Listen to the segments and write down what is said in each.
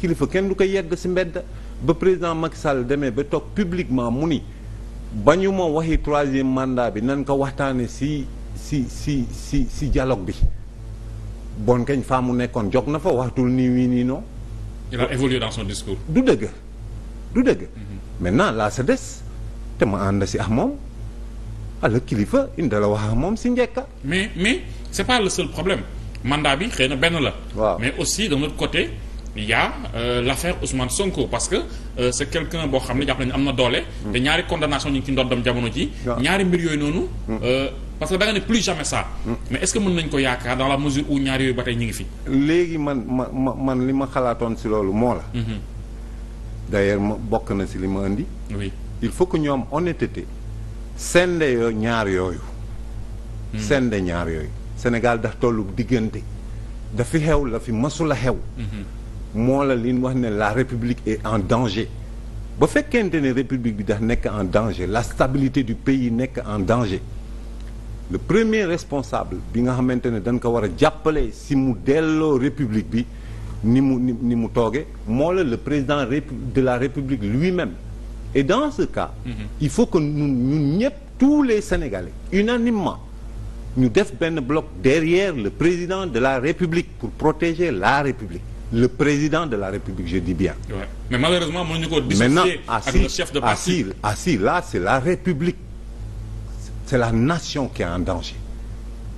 kilifa kenn du ko yedd si mbedd ba président Macky Sall demee ba toog publiquement mu ni ba ñu ma waxi troisième mandat bi nan ko waxtaane si si si si si dialogue bi bon kañ faa mu nekkoon jox na fa waxtul nii wii nii non il a évolué dans son discours du dëgg du dëgg mhm. maintenant laa sa des te ma ànd si ak moom ala kilifa indi la wax ak moom si njekka mais mais c'est pas le seul problème mandat bi xëy na benn la waaw mais aussi de notre côté y a euh, l'affaire Sonko parce que euh, c'est quelqu'un boo xam ne jàpp nañ am na doole. te ñaari condamnation ñu ngi ci ndoddam jamono ji. ñaari mbir yooyu noonu. Hmm. Euh, parce que da nga ne plus jamais ça. Hmm. mais est-ce mën nañ ko yaakaar dans la mesure où ñaari yooyu ba tey ñu ngi fi. léegi man ma ma man li ma xalaatoon si loolu moo la. Hmm. d'ailleurs ma bokk na si li ma indi. oui il faut que ñu am honnêteté. sende ñaar yooyu. sende ñaar yooyu. Sénégal daf tollu diggante. dafi xew la fi masula xew. moo la li wax ne la république et en danger ba fekkente ne république bi dax nekk en danger la stabilité du pays nekk en danger le premier responsable bi nga xamante ne dañ ko war a jàppale si mu delloo république bi ni mu ni ni mu tooge moo le président de la république lui-même et dans ce cas mm-hmm. il faut que ñun ñun ñëpp tous les sénégalais unanimement ñu def benn bloc derrière le président de la république pour protéger la république le président de la République je dis bien. Ouais. mais malheureusement mënuñu ko dissocier ak le chef de parti maintenant assis là c'est la République c'est la nation qui est en danger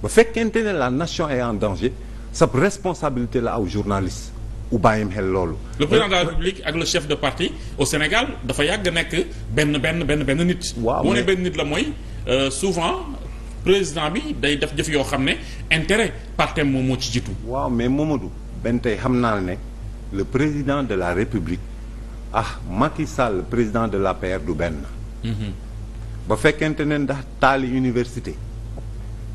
bu fekkente ne la nation en danger responsabilité la aw journaliste. u bàyyim xel loolu. le président de la république ak le chef de parti au Sénégal dafa yàgg nekk benn benn benn benn nit. waaw mu ne benn nit la mooy euh, souvent président bi day def jëf yoo xam ne intérêt partem moom moo ci jiitu. waaw mais Momadou. benn tey xam naa ne le président de la république ah Macky président de la l'APR du benn. Mhm. ba fekkente ne ndax taali université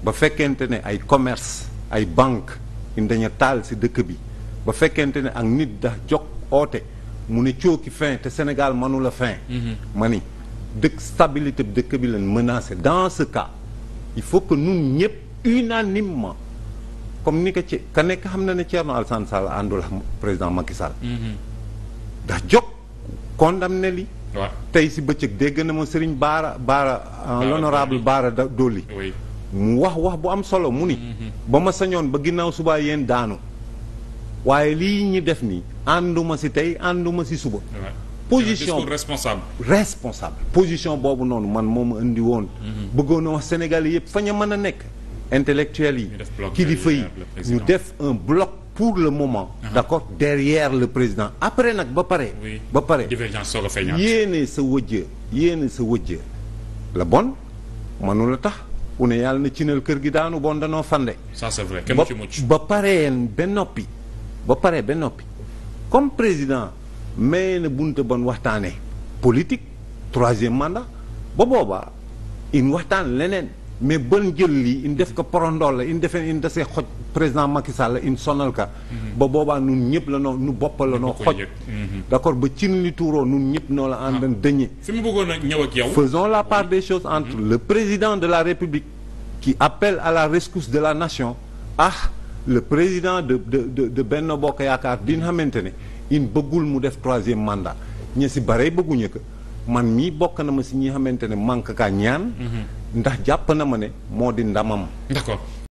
ba fekkente ne ay commerce ay banque in dañu taal si dëkk bi ba fekkente ne ak nit ndax jog oote mu ne cooki fin te Sénégal mënu la fin mhm. ma ni dëkk stabilité dëkk bi leen menacé dans ce cas il faut que ñun unanimement comme ni ko ci ka nekk xam na ne Thierno Alassane Sall àndul ak président Macky Sall. ndax mhm. jóg condamné li. tey si bëccëg dégg na ma Serigne Baara Baara. Euh, l'honorable Baara Dolli. mu wax wax bu am solo mu ni. Mhm. ba ma sañoon ba ginnaaw suba yéen daanu. waaye lii ñi def nii ànduma si tey ànduma si suba. position responsable. responsable position boobu noonu man moom indi woon. Mhm. bëggoon na wax Sénégal yëpp fa ñu mën a nekk. intellectuels yi kilifa yi ñu def un bloc pour le moment uh -huh. d'accord derrière le président après nag ba pare ba pare yéene sa wëjj yéene sa wëjj la bon mënu la tax u yàlla na ci cinal kër gi daanu bon danoo fande ça c'est vrai kenn ci ba paree ba noppi ba pare ba noppi comme président may na bunte bon waxtaane politique troisième mandat ba boobaa in waxtaan leneen mais ban jël lii in def ko porondol la in defee in dasee xoj président Macky Sall in sonal ka mhm. ba boobaa nun ñëpp la noo nu boppal la noo xoj mhm. d'accord ba cin li tuuroo nun ñëpp noo la àndan ah. dëñe fi mu bëggoon a ñëw ak yow la part des choses entre mhm. le président de la République qui appelle à la rescousse de la nation ah le président de de de de Benno Bokk Yaakaar bi nga xamante ne in bëggul mu def troisième mandat ña si bare bëgguñu ko man mii bokk na ma si ñi xamante ne manque kaa ñaan ndax jàpp na ma ne moo di ndamam. d'accord.